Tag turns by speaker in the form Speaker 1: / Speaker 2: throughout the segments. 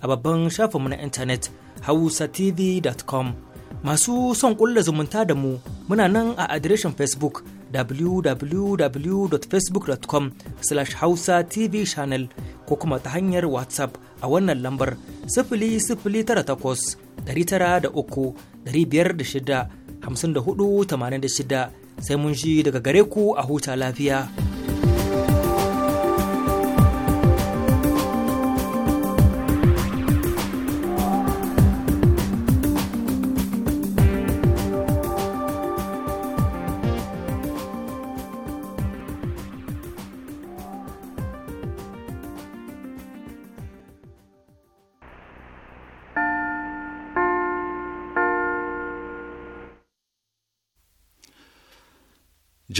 Speaker 1: a babban shafin mu na intanet hausatv.com masu son kulla zumunta da mu muna nan a adireshin facebook www.facebook.com slash hausa tv channel ko kuma ta hanyar whatsapp a wannan lambar sifili sifili da tara uku biyar shida hamsin da sai mun ji daga gare ku a huta lafiya.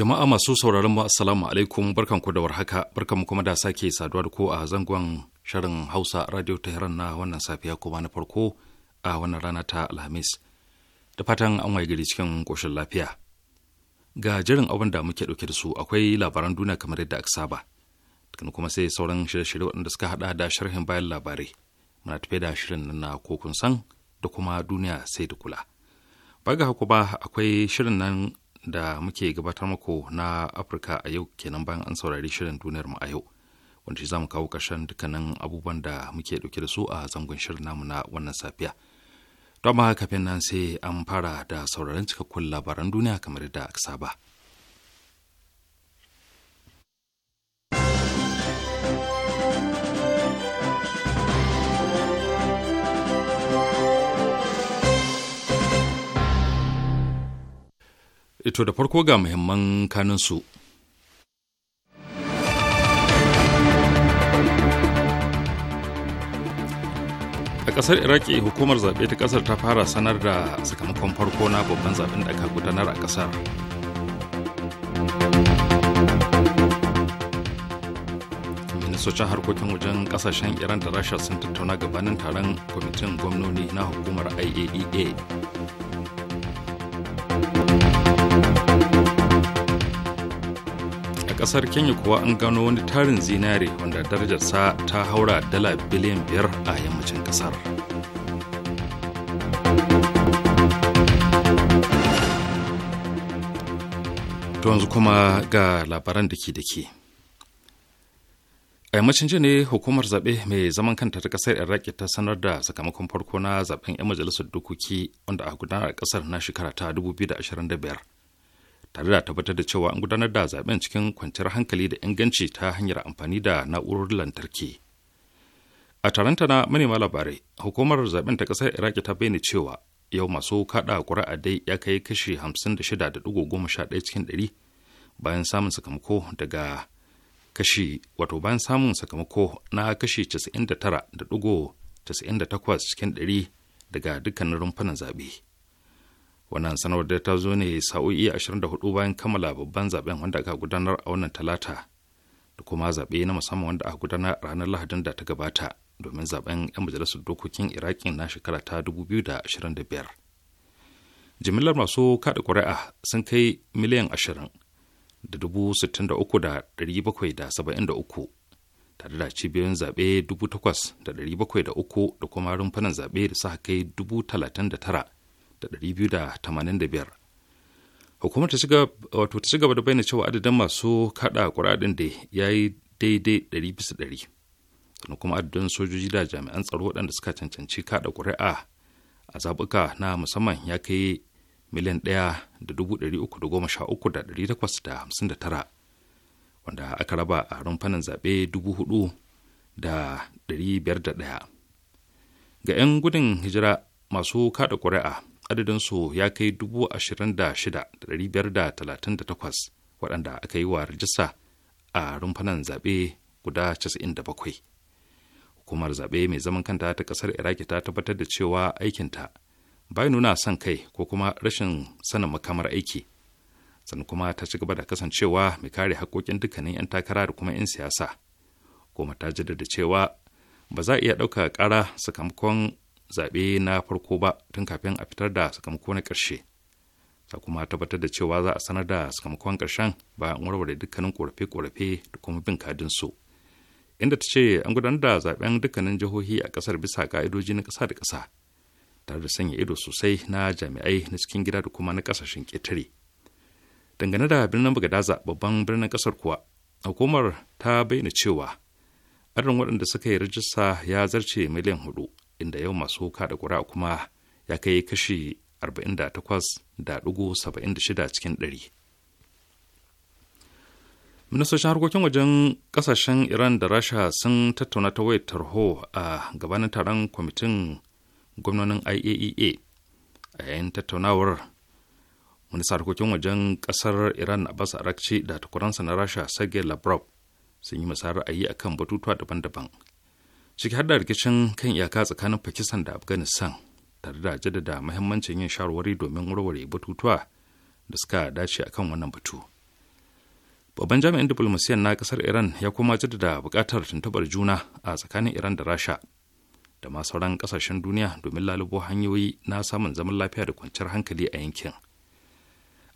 Speaker 2: Jama'a masu sauraron mu assalamu alaikum barkanku da warhaka barkanku kuma da sake saduwa da ku a zangon shirin Hausa Radio Tehran na wannan safiya kuma na farko a wannan rana ta Alhamis. Da fatan an waye gari cikin koshin lafiya. Ga jirin abin da muke ɗauke da su akwai labaran duniya kamar yadda aka saba. Kan kuma sai sauran shirye-shirye waɗanda suka haɗa da sharhin bayan labarai. Muna tafe da shirin nan na kokun san da kuma duniya sai da kula. ga haku ba akwai shirin nan da muke gabatar muku na Afirka a yau kenan bayan an saurari shirin duniyar mu a yau. Wanda za mu kawo ƙarshen dukkanin abubuwan da muke ɗauke da su a zangon shirin namu na wannan safiya. Don ma kafin nan sai an fara da sauraron cikakkun labaran duniya kamar da aka saba. Ito eh, da farko ga muhimman kaninsu. A ƙasar Iraki hukumar zaɓe ta ƙasar ta fara sanar da sakamakon farko na babban zaɓen da aka gudanar a ƙasar. Ministocin harkokin wajen ƙasashen Iran da Rasha sun tattauna gabanin taron kwamitin gwamnoni na hukumar IAEA. E kasar kenya kuwa an gano wani tarin zinare wanda darajarsa ta haura dala biliyan biyar a yammacin kasar to yanzu kuma ga labaran da ke da ke a yammacin jini ne hukumar zaɓe mai zaman kanta ta ƙasar iraki ta sanar da sakamakon farko na zaɓen 'yan majalisar dokoki wanda a gudanar a ƙasar na shekara ta 2025 tare da tabbatar da cewa an gudanar da zaben cikin kwanciyar hankali da inganci ta hanyar amfani da na'urorin lantarki a taronta na manema labarai hukumar zaben ta ƙasar iraq ta bayyana cewa yau masu kaɗa ƙuri'a dai ya kai kashi 56.11 cikin 100 bayan samun sakamako daga kashi wato bayan samun sakamako na kashi 99.98 cikin 100 daga dukkanin rumfunan zaɓe. wannan sanarwar da ta zo ne sa'o'i 24 bayan kammala babban zaben wanda aka gudanar a wannan talata da kuma zaɓe na musamman wanda aka gudanar a ranar lahadin da ta gabata domin zaben 'yan majalisar dokokin iraki na shekara ta 2025 jimillar masu kaɗa ƙuri'a sun kai miliyan 20 da tare da cibiyoyin zaɓe 8,703 da kuma rumfanan zaɓe da suka kai da hukumar ta ci gaba da bayyana cewa adadin masu kada ƙura ɗin da ya yi daidai 100 bisa sannan kuma adadin sojoji da jami'an tsaro waɗanda suka cancanci kada ƙuri'a a zaɓuka na musamman ya kai miliyan ɗaya da dubu ɗari uku da goma sha uku da ɗari da hamsin da tara wanda aka raba a rumfanin zaɓe dubu da ɗari biyar da ɗaya ga 'yan gudun hijira masu kada ƙuri'a adadinsu ya kai 26,538 waɗanda aka yi wa rajista a rumfanan zaɓe guda 97. Hukumar zaɓe mai zaman kanta ta ƙasar Iraki ta tabbatar da cewa aikinta bai nuna son kai ko kuma rashin sanin makamar aiki. Sannan kuma ta ci gaba da kasancewa mai kare haƙƙoƙin dukkanin 'yan takara da kuma 'yan siyasa. Kuma ta jaddada cewa ba za a iya ɗauka ƙara sakamakon zaɓe na farko ba tun kafin a fitar da sakamako na ƙarshe ta kuma tabbatar da cewa za a sanar da sakamakon ƙarshen bayan warware dukkanin ƙorafe-ƙorafe da kuma bin kadin su inda ta ce an gudanar da zaɓen dukkanin jihohi a ƙasar bisa ƙa'idoji na ƙasa da ƙasa tare da sanya ido sosai na jami'ai na cikin gida da kuma na ƙasashen ƙetare dangane da birnin bagadaza babban birnin ƙasar kuwa hukumar ta bayyana cewa adadin waɗanda suka yi rajista ya zarce miliyan hudu inda yau masu kada ƙuri'a kuma ya kai kashi 48.76 cikin ɗari. ministocin harkokin wajen kasashen iran da rasha sun tattauna ta wayar tarho a gabanin taron kwamitin gwamnonin iaea e a yayin tattaunawar ministan harkokin wajen kasar iran a abbas arakci da takwaransa na rasha sergei lavrov sun yi musayar ra'ayi akan batutuwa daban-daban ciki har da rikicin kan iyaka tsakanin pakistan da afghanistan tare da jaddada muhimmancin yin shawarwari domin warware batutuwa da suka dace akan wannan batu babban jami'in diplomasiyan na kasar iran ya kuma jaddada bukatar tuntubar juna a tsakanin iran da rasha da ma sauran kasashen duniya domin lalubo hanyoyi na samun zaman lafiya da kwanciyar hankali a yankin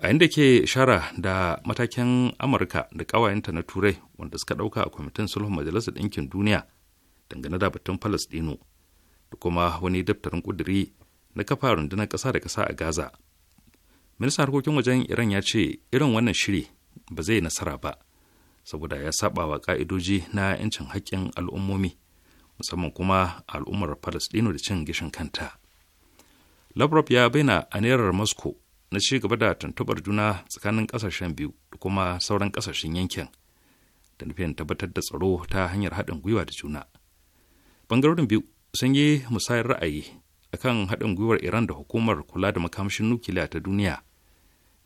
Speaker 2: a inda ke shara da matakin amurka da kawayenta na turai wanda suka ɗauka a kwamitin sulhun majalisar ɗinkin duniya dangane da batun Falasɗinu da kuma wani daftarin ƙuduri na kafa rundunar ƙasa da ƙasa a Gaza. Ministan harkokin wajen Iran ya ce irin wannan shiri ba zai nasara ba, saboda ya saba wa ƙa'idoji na 'yancin haƙƙin al'ummomi, musamman kuma al'ummar Falasɗinu da cin gishin kanta. Lavrov ya bayyana anerar Moscow na ci gaba da tuntubar juna tsakanin ƙasashen biyu da kuma sauran ƙasashen yankin, da nufin tabbatar da tsaro ta hanyar haɗin gwiwa da juna. bangarorin biyu sun yi musayar ra'ayi akan haɗin gwiwar iran da hukumar kula da makamashin nukiliya ta duniya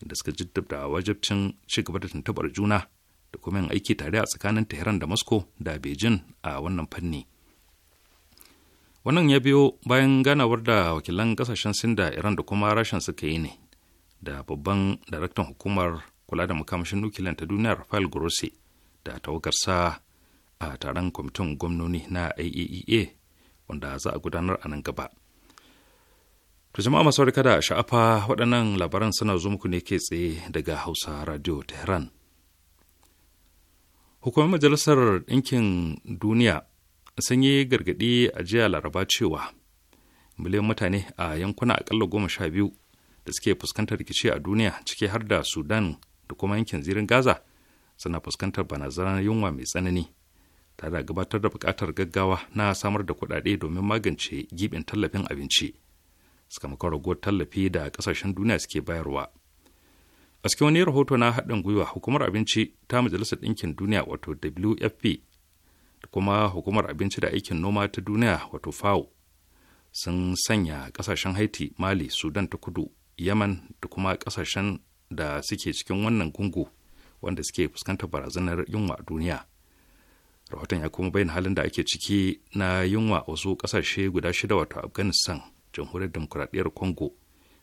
Speaker 2: inda suka jaddada wajibcin ci gaba da tuntuɓar juna da kuma yin aiki tare a tsakanin tehran da moscow da beijing a wannan fanni wannan ya biyo bayan ganawar da wakilan kasashen sin da iran da kuma rashin suka yi ne da babban daraktan hukumar kula da makamashin nukiliya ta duniya rafael grossi da tawagarsa a taron kwamitin gwamnoni na iaea e e wanda za a gudanar a nan gaba to jama'a masu kada sha'afa waɗannan labaran suna zo muku ne ke tsaye daga hausa radio tehran hukumar majalisar ɗinkin duniya sun yi gargaɗi a jiya laraba cewa miliyan mutane a yankuna aƙalla goma sha biyu da suke fuskantar rikici a duniya ciki har da sudan da kuma yankin zirin gaza suna fuskantar barazanar yunwa mai tsanani tare da gabatar da bukatar gaggawa na samar da kuɗaɗe domin magance gibin tallafin abinci sakamakon ragowar tallafi da kasashen duniya suke bayarwa a cikin wani rahoto na haɗin gwiwa hukumar abinci ta majalisar ɗinkin duniya wato wfp da kuma hukumar abinci da aikin noma ta duniya wato fao sun sanya ƙasashen haiti mali sudan ta kudu yaman da kuma ƙasashen da suke cikin wannan gungu wanda suke fuskantar barazanar yunwa a duniya rahoton ya kuma bayyana halin da ake ciki na yunwa wasu kasashe guda shida wato afghanistan jamhuriyar demokuraɗiyyar congo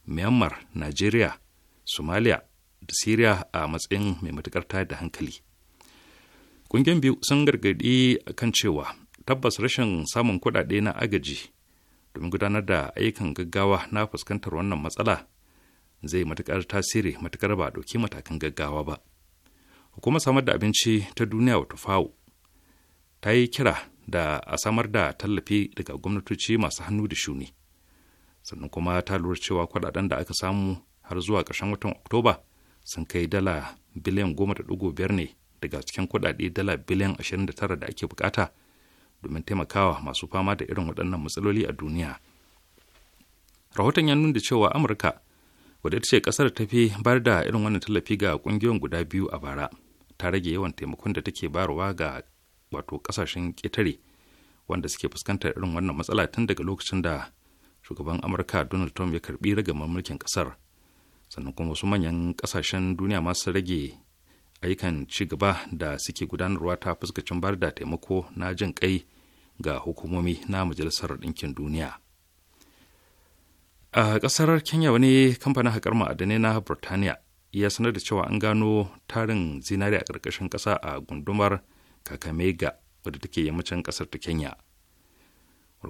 Speaker 2: myanmar nigeria somalia da syria a matsayin mai matukar tayar da hankali ƙungiyar biyu sun gargaɗi kan cewa tabbas rashin samun kuɗaɗe na agaji domin gudanar da ayyukan gaggawa na fuskantar wannan matsala zai matukar tasiri matukar ba ɗauki matakan gaggawa ba hukumar samar da abinci ta duniya wato fawo ta yi kira da a samar da tallafi daga gwamnatoci masu hannu da shuni sannan kuma ta lura cewa kwadaden da aka samu har zuwa ƙarshen watan oktoba sun kai dala biliyan goma da ɗigo biyar ne daga cikin kudade dala biliyan ashirin da tara da ake bukata domin taimakawa masu fama da irin waɗannan matsaloli a duniya rahoton ya nuna cewa amurka wadda ita ce ƙasar ta fi bayar da irin wannan tallafi ga ƙungiyoyin guda biyu a bara ta rage yawan taimakon da take bayarwa ga wato kasashen ƙetare wanda suke fuskantar irin wannan matsala tun daga lokacin da shugaban amurka donald trump ya karbi ragamar mulkin kasar sannan kuma wasu manyan kasashen duniya masu rage ayyukan ci gaba da suke gudanarwa ta fuskacin bayar da taimako na jin kai ga hukumomi na majalisar ɗinkin duniya a ƙasar kenya wani kamfanin haƙar ma'adanai na burtaniya ya sanar da cewa an gano tarin zinari a ƙarƙashin ƙasa a gundumar kakamega wadda take yammacin kasar ta kenya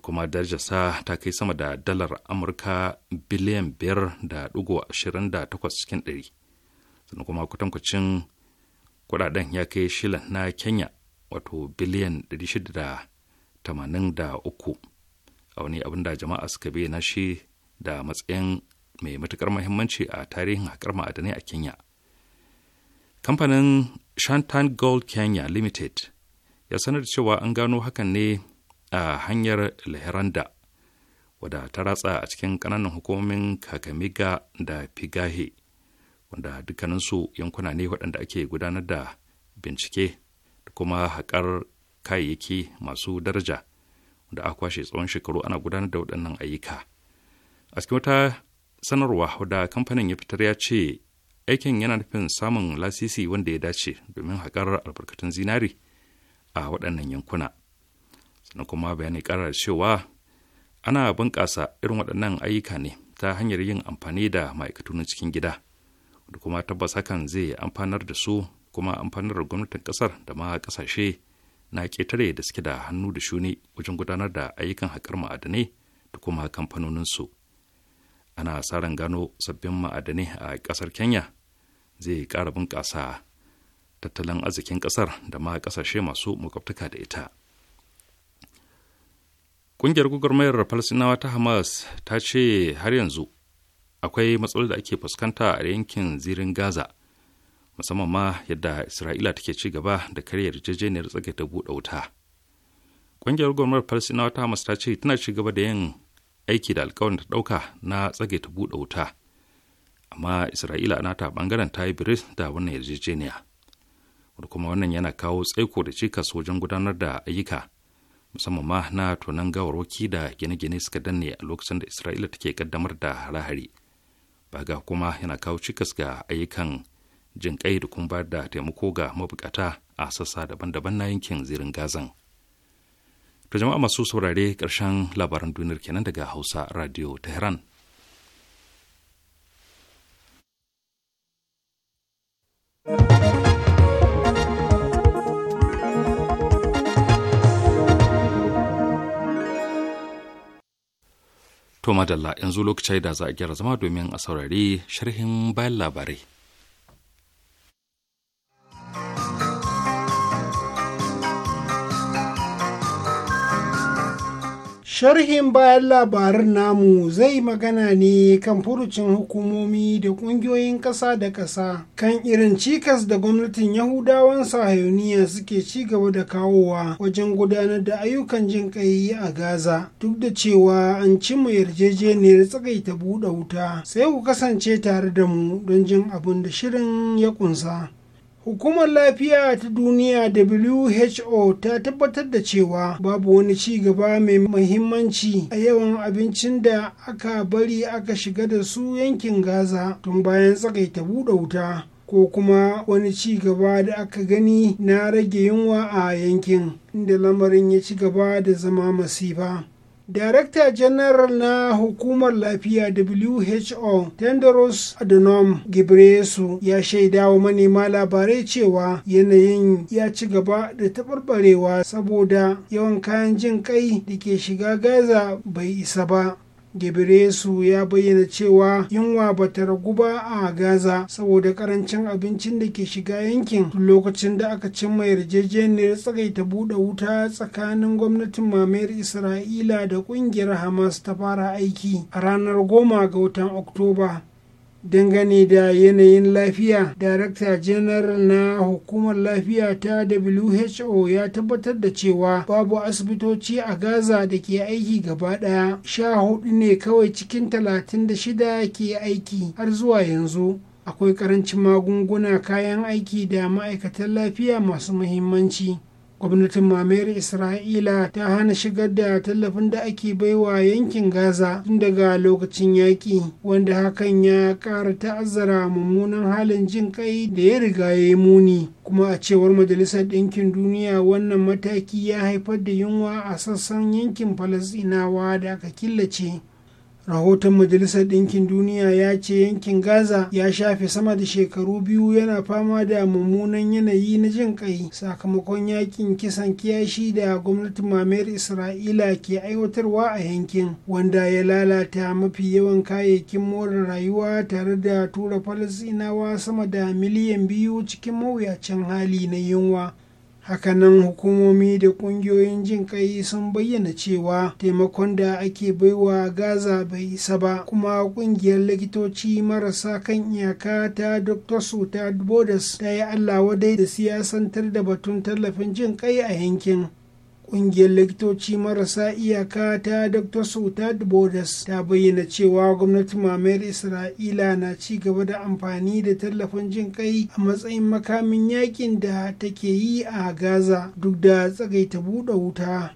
Speaker 2: kuma sa ta kai sama da dalar amurka biliyan biyar da dugo ashirin da takwas cikin ɗari sannan kuma kwatankwacin kudaden ya kai shilan na kenya wato biliyan ɗari shida da tamanin da uku a wani abin da jama'a suka bayyana shi da matsayin mai matukar muhimmanci a tarihin haƙar ma'adanai a kenya kamfanin shantan gold kenya limited ya sanar da cewa an gano hakan ne a hanyar leheranda wadda ta ratsa a cikin kananan hukumomin kakamiga da figahe wanda dukkaninsu yankuna ne waɗanda ake gudanar da bincike da kuma haƙar kayayyaki masu daraja da aka kwashe tsawon shekaru ana gudanar da waɗannan ayyuka a cikin wata sanarwa da kamfanin ya fitar ya ce aikin yana nufin samun lasisi wanda ya dace domin haƙar albarkatun zinari a waɗannan yankuna sannan kuma bayani ƙarar cewa ana bunƙasa irin waɗannan ayyuka ne ta hanyar yin amfani da ma'aikatu na cikin gida da kuma tabbas hakan zai amfanar da su kuma amfanar da gwamnatin ƙasar da ma ƙasashe na ƙetare da suke da hannu da shuni wajen gudanar da ayyukan haƙar ma'adanai da kuma kamfanoninsu. su ana tsarin gano sabbin ma'adanai a ƙasar kenya zai ƙara bunƙasa tattalin arzikin ƙasar da ma ƙasashe masu makwabtaka da ita ƙungiyar gwagwarmayar falasinawa ta hamas ta ce har yanzu akwai matsaloli da ake fuskanta a yankin zirin gaza musamman ma yadda isra'ila take ci gaba da karya yarjejeniyar tsage buɗe wuta ƙungiyar gwamnatin falasinawa ta hamas ta ce tana ci gaba da yin aiki da alkawarin da ɗauka na tsage ta buɗe wuta amma isra'ila na ta ɓangaren ta yi da wannan yarjejeniya wadda kuma wannan yana kawo tsaiko da cikas wajen gudanar da ayyuka musamman ma na tonan gawarwaki da gine-gine suka danne a lokacin da isra'ila take kaddamar da hare ba ga kuma yana kawo cikas ga ayyukan jinƙai da kuma bayar da taimako ga mabukata a sassa daban-daban na yankin zirin gazan. To jama'a masu saurare ƙarshen labaran duniyar kenan daga Hausa Radio Tehran. To madalla yanzu lokacin da za a gyara zama domin a saurari sharhin bayan labarai.
Speaker 3: sharhin bayan labarin namu zai magana ne kan furucin hukumomi da kungiyoyin ƙasa da ƙasa kan irin cikas da gwamnatin yahudawan sahayuniya suke ci gaba da kawowa wajen gudanar da ayyukan jin a gaza duk da cewa an ci cimma yarjejeniyar tsagaita buɗe wuta sai ku kasance tare da mu don jin abin da shirin ya kunsa Hukumar Lafiya ta Duniya WHO ta tabbatar da cewa babu wani ci gaba mai muhimmanci a yawan abincin da aka bari aka shiga da su yankin Gaza tun bayan tsakaita buɗe wuta ko kuma wani ci gaba da aka gani na rage yunwa a yankin inda lamarin ya ci gaba da zama masifa. Darakta Janaral na Hukumar Lafiya WHO Tendros Adhanom Ghebreyesus ya shaidawa manema labarai cewa yanayin ya ci gaba da taɓarɓarewa saboda yawan kayan jin kai da ke shiga Gaza bai isa ba. Gebresu ya bayyana cewa yunwa ba ta ragu ba a Gaza saboda karancin abincin da ke shiga yankin tun lokacin da aka cimma yarjejeniyar tsagaita buɗe wuta tsakanin gwamnatin mamayar Isra'ila da ƙungiyar Hamas ta fara aiki a ranar goma ga watan Oktoba. dangane da yanayin lafiya darakta janaral na hukumar lafiya ta who ya tabbatar da cewa babu asibitoci a gaza da ke aiki gaba daya sha hudu ne kawai cikin talatin da shida ke aiki har zuwa yanzu akwai karancin magunguna kayan aiki da ma'aikatan lafiya masu muhimmanci gwamnatin mamayar isra'ila ta hana shigar da tallafin da ake baiwa yankin gaza tun daga lokacin yaƙi wanda hakan ya ƙara ta'azzara mummunan halin jin kai da ya riga ya yi muni kuma a cewar majalisar ɗinkin duniya wannan mataki ya haifar da yunwa a sassan yankin falasɗinawa da aka killace rahoton majalisar ɗinkin duniya ya ce yankin gaza ya shafe sama da shekaru biyu yana fama da mummunan yanayi na jin ƙai. sakamakon yakin kisan kiyashi da gwamnatin mamayar isra'ila ke aiwatarwa a yankin wanda ya lalata mafi yawan kayayyakin more rayuwa tare da tura falasinawa sama da miliyan biyu cikin mawuyacin hali na yunwa hakanan hukumomi da kungiyoyin jin kai sun bayyana cewa taimakon da ake baiwa gaza bai isa ba kuma kungiyar likitoci marasa kan iyaka ta dr suta bodas ta yi allah wadai da siyasantar da batun tallafin jin kai a yankin Ƙungiyar likitoci marasa iyaka ta Dr. Sauta borders ta bayyana cewa gwamnatin mamayar Isra'ila na ci gaba da amfani da tallafin jin kai a matsayin makamin yakin da take yi a Gaza duk da tsagaita buɗe wuta.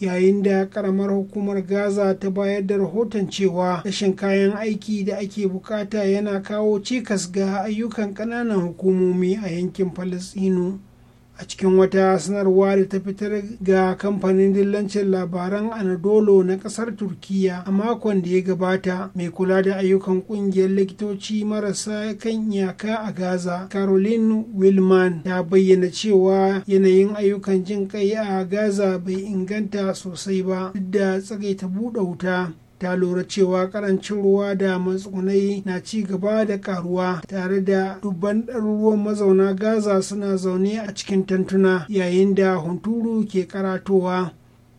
Speaker 3: yayin da karamar hukumar gaza ta bayar da rahoton cewa rashin kayan aiki da ake bukata yana kawo cikas ga ayyukan ƙananan hukumomi a yankin falasɗinu a cikin wata sanarwa da ta fitar ga kamfanin dillancin labaran anadolo na kasar turkiya a makon da ya gabata mai kula da ayyukan kungiyar likitoci marasa kan iyaka a gaza caroline wilman ta bayyana cewa yanayin ayyukan jin kai a gaza bai inganta sosai ba duk da tsagaita buɗe wuta ta lura cewa karancin ruwa da matsugunai na ci gaba da karuwa tare da dubban ɗaruruwan mazauna gaza suna zaune a cikin tantuna yayin da hunturu ke karatowa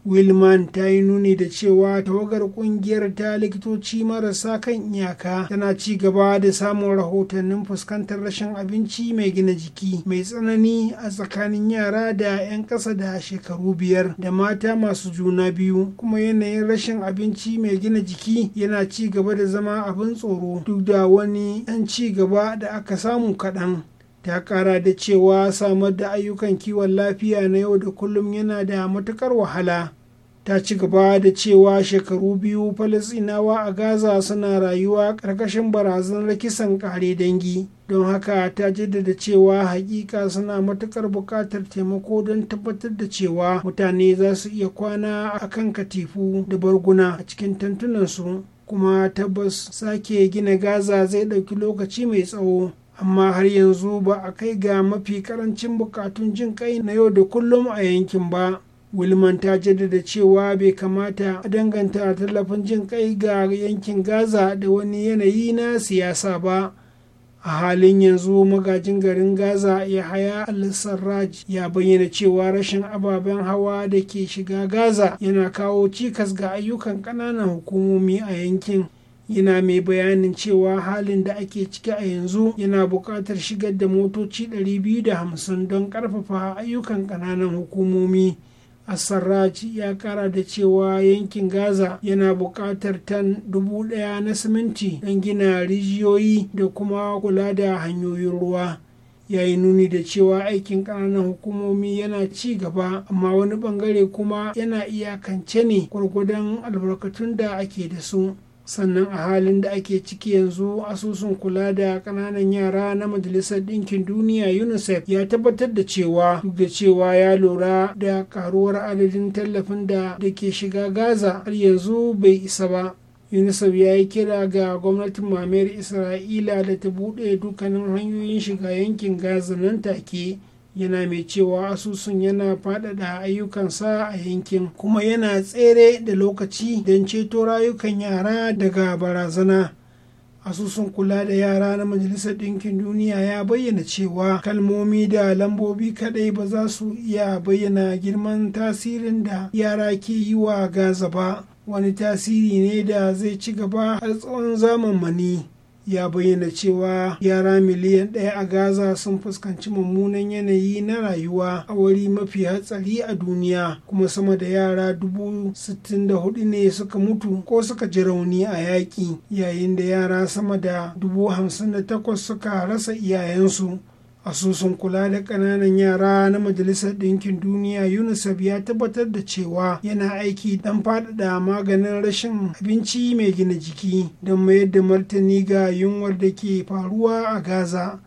Speaker 3: Wilman ta yi nuni da cewa tawagar kungiyar ta likitoci marasa kan iyaka tana ci gaba da samun rahotannin fuskantar rashin abinci mai gina jiki mai tsanani a tsakanin yara da 'yan ƙasa da shekaru biyar da mata masu juna biyu kuma yanayin rashin abinci mai gina jiki yana ci gaba da zama abin tsoro duk da wani 'yan ci gaba da aka samu kaɗan. ta kara da cewa samar da ayyukan kiwon lafiya na yau da kullum yana da matukar wahala ta ci gaba da cewa shekaru biyu falasinawa a gaza suna rayuwa ƙarƙashin barazanar kisan ƙare dangi don haka ta jaddada cewa haƙiƙa suna matuƙar buƙatar taimako don tabbatar da cewa mutane za su iya kwana a kan katifu da barguna a cikin tantunansu kuma tabbas sake gina gaza zai ɗauki lokaci mai tsawo amma har yanzu ba a kai ga mafi karancin bukatun jin kai na yau da kullum a yankin ba wilman ta jaddada cewa bai kamata a danganta tallafin jin kai ga yankin gaza da wani yanayi na siyasa ba a halin yanzu magajin garin gaza ya haya al-sarraj ya bayyana cewa rashin ababen hawa da ke shiga gaza yana kawo cikas ga ayyukan ƙananan hukumomi a yankin yana mai bayanin cewa halin da ake ciki a yanzu yana buƙatar shigar da motoci 250 don ƙarfafa ayyukan ƙananan hukumomi sarraci ya kara da cewa yankin Gaza yana buƙatar tan dubu ɗaya na siminti don gina rijiyoyi da kuma kula da hanyoyin ruwa. Ya yi nuni da cewa aikin ƙananan hukumomi yana ci gaba amma wani ɓangare kuma yana iyakance ne gwargwadon albarkatun da ake da su. sannan a halin da ake ciki yanzu asusun kula da kananan yara na majalisar ɗinkin duniya unicef ya tabbatar da cewa duk da cewa ya lura da karuwar adadin tallafin da da ke shiga gaza har yanzu bai isa ba unicef ya yi kira ga gwamnatin mamayar isra'ila da ta buɗe dukkanin hanyoyin shiga yankin gaza nan take yana mai cewa asusun yana faɗaɗa ayyukansa a yankin kuma yana tsere da lokaci don ceto rayukan yara daga barazana asusun kula da yara na majalisar ɗinkin duniya ya bayyana cewa kalmomi da lambobi kaɗai ba za su iya bayyana girman tasirin da yara ke yi wa gaza ba wani tasiri ne da zai ci gaba har tsawon zamani ya bayyana cewa yara miliyan ɗaya a gaza sun fuskanci mummunan yanayi na rayuwa a wuri mafi hatsari a duniya kuma sama da yara dubu sittin da hudu ne suka mutu ko suka ji rauni a yaƙi yayin da yara sama da dubu hamsin da takwas suka rasa iyayensu asusun kula da kananan yara na majalisar ɗinkin duniya unicef ya tabbatar da cewa yana aiki don faɗaɗa maganin rashin abinci mai gina jiki don mayar da martani ga yunwar da ke faruwa a gaza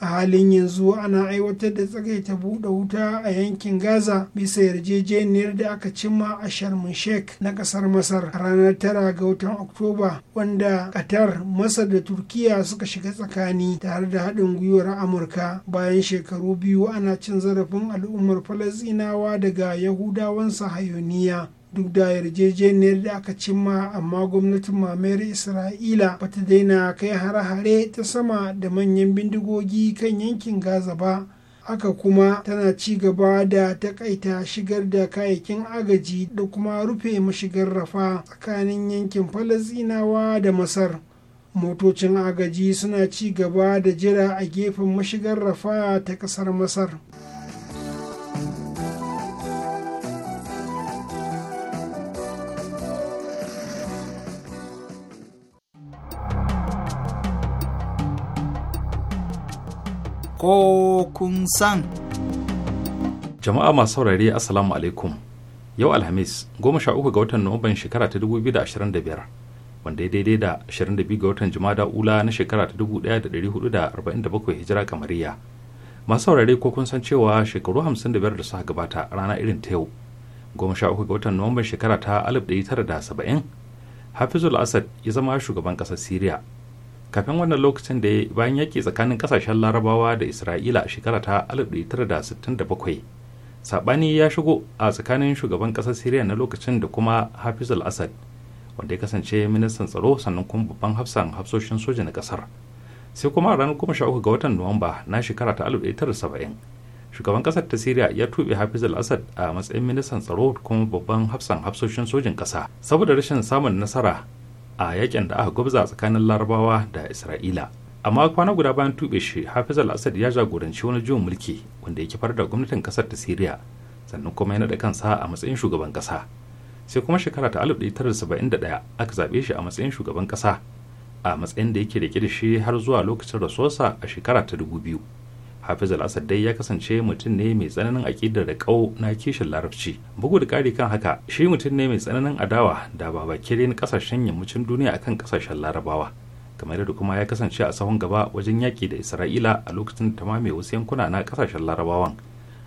Speaker 3: a halin yanzu ana aiwatar da tsagaita buɗe wuta a yankin gaza bisa yarjejeniyar da aka cimma a sharmin sheik na ƙasar masar a ranar tara ga watan oktoba wanda qatar masar da turkiya suka shiga tsakani tare da haɗin gwiwar amurka bayan shekaru biyu ana cin zarafin al'ummar falasinawa daga yahudawan sahayoniya duk da yarjejeniyar da aka cimma amma gwamnatin mamayar isra'ila ba ta daina kai hare-hare ta sama da manyan bindigogi kan yankin gaza ba haka kuma tana ci gaba da takaita shigar da kayayyakin agaji da kuma rufe mashigar rafa tsakanin yankin falasinawa da masar motocin agaji suna ci gaba da jira a gefen mashigar rafa ta kasar masar.
Speaker 1: ko kun san.
Speaker 2: Jama'a masu saurari Assalamu alaikum. Yau Alhamis, goma sha uku ga watan Nuwamban shekara ta dubu biyu da ashirin da biyar, wanda ya daidai da ashirin da biyu ga watan Jumada Ula na shekara ta dubu ɗaya da ɗari hudu da arba'in da bakwai hijira kamariya. Masu saurari ko kun san cewa shekaru hamsin da biyar da suka gabata rana irin ta yau. Goma sha uku ga watan Nuwamban shekara ta alif ɗari tara da saba'in, Hafizul Asad ya zama shugaban ƙasar Siriya kafin wannan lokacin da bayan yaƙi tsakanin kasashen larabawa da isra'ila a shekara ta 1967 sabani ya shigo a tsakanin shugaban ƙasar siriya na lokacin da kuma hafiz al-assad wanda ya kasance ministan tsaro sannan kuma babban hafsan hafsoshin soja na ƙasar sai kuma a ranar uku ga watan nuwamba na shekara ta 1970 shugaban ƙasar ta siriya ya tuɓe hafiz al-assad a matsayin ministan tsaro kuma babban hafsan hafsoshin sojin kasa saboda rashin samun nasara a yakin da aka gubza tsakanin larabawa da isra'ila amma kwana guda bayan tube shi hafiz al-assad ya jagoranci wani juyin mulki wanda ya kifar da gwamnatin kasar ta syria sannan kuma ya naɗa kansa a matsayin shugaban kasa. sai kuma shekara ta 1971 aka zaɓe shi a matsayin shugaban kasa. a matsayin da yake da shi har zuwa lokacin rasuwarsa a shekara ta dubu biyu. hafiz al-asad dai ya kasance mutum ne mai tsananin aƙidar da ƙau na kishin larabci bugu da ƙari kan haka shi mutum ne mai tsananin adawa da na ƙasashen yammacin duniya akan ƙasashen larabawa kamar da kuma ya kasance a sahun gaba wajen yaƙi da isra'ila a lokacin da ta wasu yankuna na ƙasashen larabawan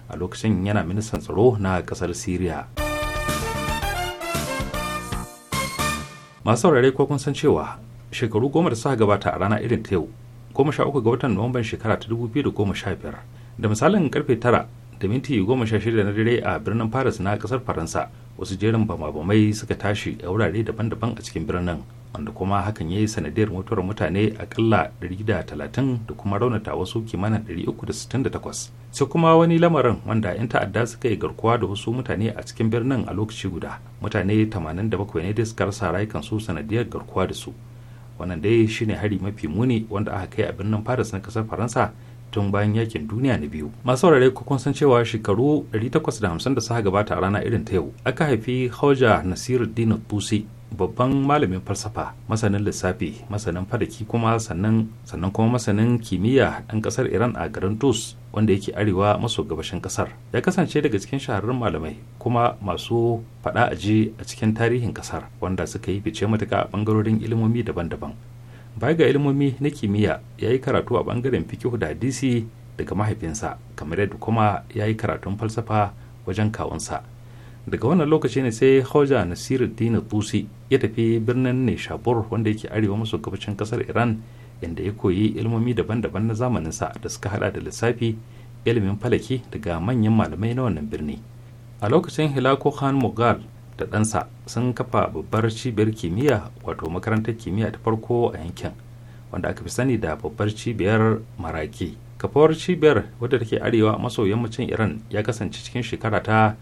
Speaker 2: a lokacin yana ministan tsaro na ƙasar syria masu saurare ko kun san cewa shekaru goma da suka gabata a rana irin ta yau goma sha uku ga watan nuwamban shekara ta dubu biyu da goma sha biyar da misalin karfe tara da minti goma sha shida na dare a birnin paris na kasar faransa wasu jerin bama suka tashi a wurare daban-daban a cikin birnin wanda kuma hakan ya yi sanadiyar mutuwar mutane akalla 130 da kuma raunata wasu kimanin takwas sai kuma wani lamarin wanda 'yan ta'adda suka yi garkuwa da wasu mutane a cikin birnin a lokaci guda mutane 87 ne da suka rasa rayukansu sanadiyar garkuwa da su wannan dai shine hari mafi muni wanda aka kai a birnin paris na kasar faransa tun bayan yakin duniya na biyu masu saurare kun san cewa shekaru 850 da suka gabata a rana irin ta yau aka haifi hauja nasiruddin tusi babban malamin falsafa masanin lissafi masanin fadaki kuma sannan sannan kuma masanin kimiyya ɗan ƙasar iran a garin tus wanda yake arewa maso gabashin ƙasar ya kasance daga cikin shahararrun malamai kuma masu faɗa aji a cikin tarihin ƙasar wanda suka yi fice matuka a ɓangarorin ilimomi daban-daban baya ga ilimomi na kimiyya ya yi karatu a ɓangaren fikihu da hadisi daga mahaifinsa kamar yadda kuma ya yi karatun falsafa wajen kawunsa daga wannan lokaci ne sai hoja dina tusi ya tafi birnin neshabur wanda yake arewa maso gabashin kasar iran inda ya koyi ilmomi daban-daban na zamaninsa da suka hada da lissafi ilimin falaki daga manyan malamai na wannan birni a lokacin hilako khan mughal da ɗansa sun kafa babbar cibiyar kimiyya wato makarantar kimiyya ta farko a yankin wanda aka fi sani da babbar cibiyar maraki kafawar cibiyar wadda take arewa maso yammacin iran ya kasance cikin shekara ta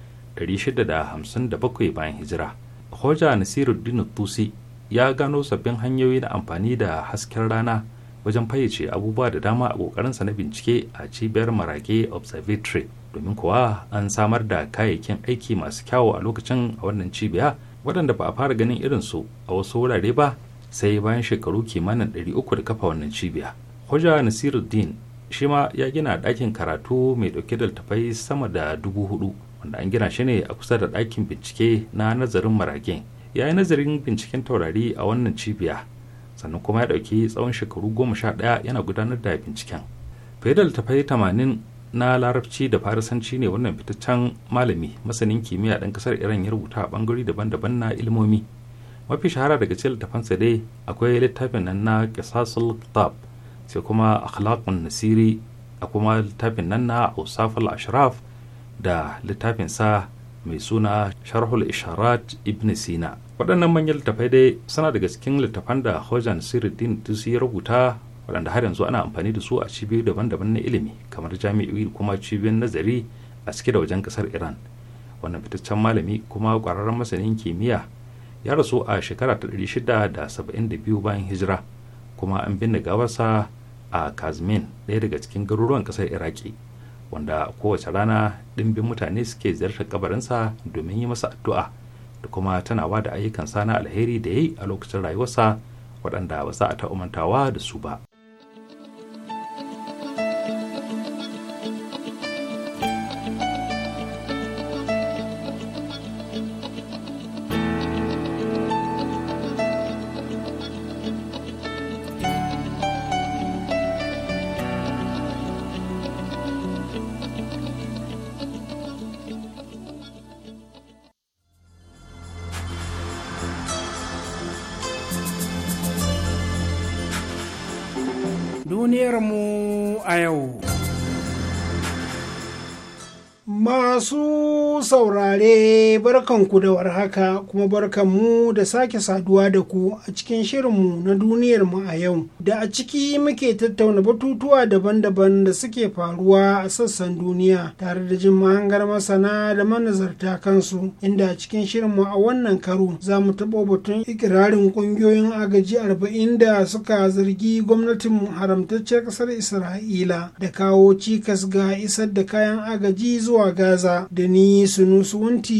Speaker 2: 657 bayan hijira hoja nasiruddin tusi ya gano sabbin hanyoyi na amfani da hasken rana wajen fayyace abubuwa da dama a kokarinsa na bincike a cibiyar marage observatory domin kuwa an samar da kayayyakin aiki masu kyawu a lokacin a wannan cibiya waɗanda ba a fara ganin irin su a wasu wurare ba sai bayan shekaru kimanin 300 da kafa wannan cibiya hoja nasiruddin shi ma ya gina ɗakin karatu mai ɗauke da littattafai sama da dubu hudu wanda an gina shi ne a kusa da ɗakin bincike na nazarin maragen ya yi nazarin binciken taurari a wannan cibiya sannan kuma ya ɗauki tsawon shekaru goma sha ɗaya yana gudanar da binciken fiye da littattafai tamanin na larabci da farisanci ne wannan fitaccen malami masanin kimiyya ɗan ƙasar iran ya rubuta a ɓangare daban-daban na ilmomi mafi shahara daga cikin littafansa dai akwai littafin nan na kisasul kitab sai kuma akhlaqun nasiri a kuma littafin nan na ausaful ashraf da littafinsa mai suna sharhul isharat ibn sina waɗannan manyan littafai dai suna daga cikin littafan da hojan siridin tusi ya rubuta waɗanda har yanzu ana amfani da su a cibiyoyi daban-daban na ilimi kamar jami'o'i kuma cibiyoyin nazari a cike da wajen ƙasar iran wannan fitaccen malami kuma ƙwararren masanin kimiyya ya rasu a shekara ta 672 bayan hijira kuma an binne gawarsa a kazmin ɗaya daga cikin garuruwan ƙasar iraki wanda kowace rana ɗimbin mutane suke ziyartar kabarinsa domin yi masa addu'a da kuma tunawa da ayyukan sana alheri da ya a lokacin rayuwarsa waɗanda ba za a ta mantawa da su ba
Speaker 3: saurare barkanku da warhaka kuma barkanmu da sake saduwa da ku a cikin shirinmu na duniyarmu a yau da a ciki muke tattauna batutuwa daban-daban da suke faruwa a sassan duniya tare da jin mahangar masana da manazarta kansu inda a cikin shirinmu a wannan karo za mu taɓo batun ikirarin ƙungiyoyin agaji arba'in da suka zargi gwamnatin haramtaccen ƙasar isra'ila da kawo cikas ga isar da kayan agaji zuwa gaza da ni sunusuwanti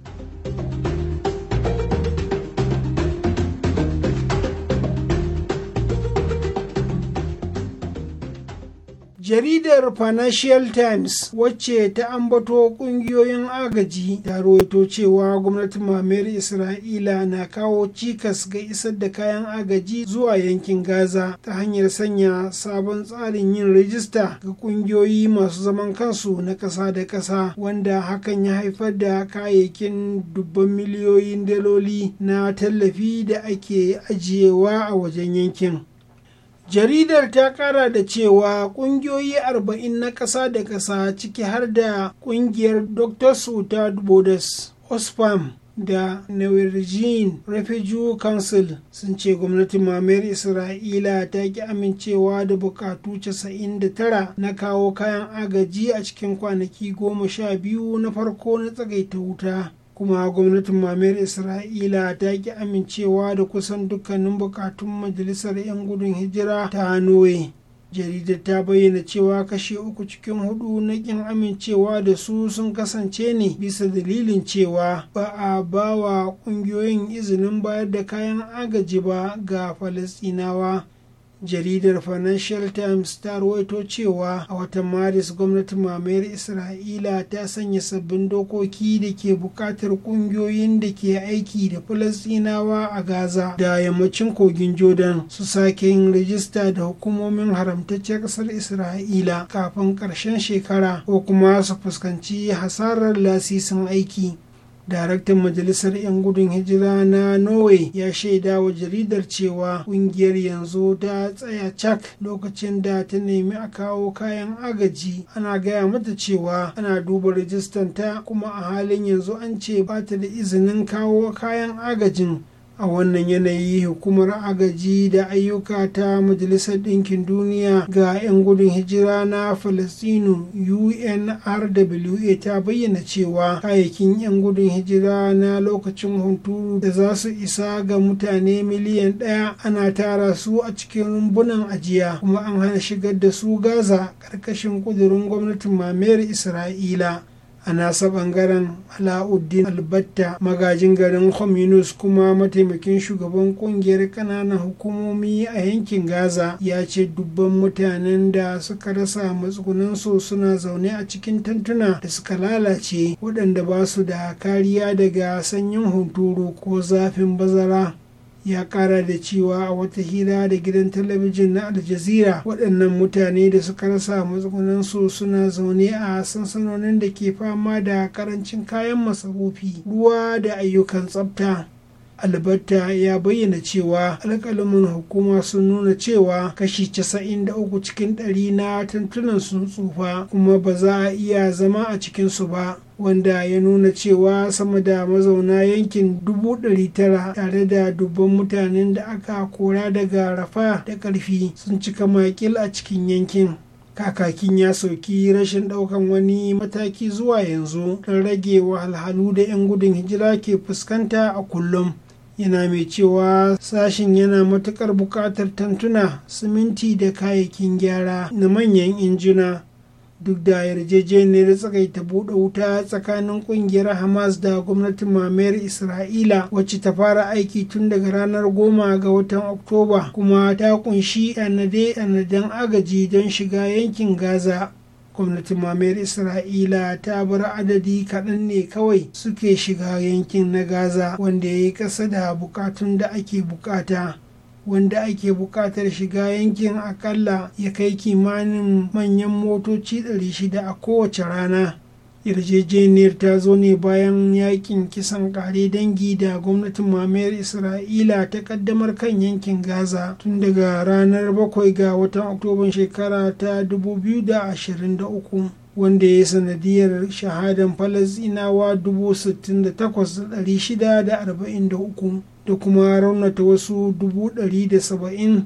Speaker 3: jaridar financial times wacce ta ambato kungiyoyin agaji ta rawaito cewa gwamnatin mamayar isra'ila na kawo cikas ga isar da kayan agaji zuwa yankin gaza ta hanyar sanya sabon tsarin yin rijista ga kungiyoyi masu zaman kansu na kasa da kasa, wanda hakan ya haifar da kayayyakin dubban miliyoyin daloli na tallafi da ake ajiyewa a wajen yankin jaridar ta kara da cewa kungiyoyi arba'in na ƙasa da ƙasa ciki har da kungiyar Dr. without borders osfam da norwegian refugee council sun ce gwamnati mamayar isra'ila ta ki amincewa da bukatu 99 na kawo kayan agaji a cikin kwanaki 12 na farko na tsagaita wuta kuma gwamnatin mamayar isra'ila ta ki amincewa da kusan dukkanin bukatun majalisar 'yan gudun hijira ta hanoi jaridar ta bayyana cewa kashe uku cikin hudu na kin amincewa da su sun kasance ne bisa dalilin cewa ba a ba wa kungiyoyin izinin bayar da kayan agaji ba ga falasinawa jaridar financial times ta ruwaito cewa a watan maris gwamnatin mamayar isra'ila ta sanya sabbin dokoki da ke bukatar kungiyoyin da ke aiki da falasinawa a gaza da yammacin kogin jordan su sake yin rajista da hukumomin haramtacciyar kasar isra'ila kafin ƙarshen shekara ko kuma su fuskanci hasarar lasisin aiki daraktan majalisar 'yan gudun hijira na norway ya shaida wa jaridar cewa kungiyar yanzu ta tsaya cak lokacin da ta nemi a kawo kayan agaji ana gaya mata cewa ana duba rijistan kuma a halin yanzu an ce ba ta da izinin kawo kayan agajin a wannan yanayi hukumar agaji da ayyuka ta majalisar ɗinkin duniya ga 'yan gudun hijira na falastinu unrwa ta bayyana cewa kayayyakin 'yan gudun hijira na lokacin hunturu da za su isa ga mutane miliyan ɗaya ana tara su a cikin rumbunan ajiya kuma an hana shigar da su gaza ƙarƙashin ƙudurin gwamnatin mamayar isra'ila a nasa bangaren alauddin albatta magajin garin Yunus kuma mataimakin shugaban kungiyar kananan hukumomi a yankin gaza ya ce dubban mutanen da suka rasa matsugunansu suna zaune a cikin tantuna da suka lalace waɗanda ba su da kariya daga sanyin hunturu ko zafin bazara ya kara da cewa a wata hira da gidan talabijin na aljazira waɗannan mutane da suka rasa matsugunansu suna zaune a sansanonin da ke fama da karancin kayan masarufi ruwa da ayyukan tsafta albatta ya bayyana cewa alƙalamin hukuma sun nuna cewa kashi casa'in da uku cikin ɗari na tantunan sun tsufa kuma ba za a iya zama a cikinsu ba wanda ya nuna cewa sama da mazauna yankin dubu ɗari tara tare da dubban mutanen da aka kora daga rafa da ƙarfi sun cika makil a cikin yankin kakakin ya sauki rashin daukan wani mataki zuwa yanzu don rage wahalhalu da 'yan gudun hijira ke fuskanta a kullum yana mai cewa sashen yana matukar buƙatar tantuna siminti da kayayyakin gyara na manyan injina duk da yarjejeniyar ta buɗe wuta tsakanin ƙungiyar hamas da gwamnatin mamayar isra'ila wacce ta fara aiki tun daga ranar goma ga watan oktoba kuma ta kunshi yanade ɗanaden agaji don shiga yankin gaza gwamnatin mamayar isra'ila ta bar adadi kaɗan ne kawai suke shiga yankin na gaza wanda ya yi ƙasa da bukatun da ake bukata wanda ake bukatar shiga yankin akalla ya kai kimanin manyan motoci 600 a kowace rana yarjejeniyar ta zo ne bayan yakin kisan kare dangi da gwamnatin mamayar isra'ila ta kaddamar kan yankin gaza tun daga ranar 7 ga watan oktoban shekara ta 2023 wanda ya yi sanadiyar shahadan falasinawa 68,643 da kuma raunata wasu dubu da da da da saba'in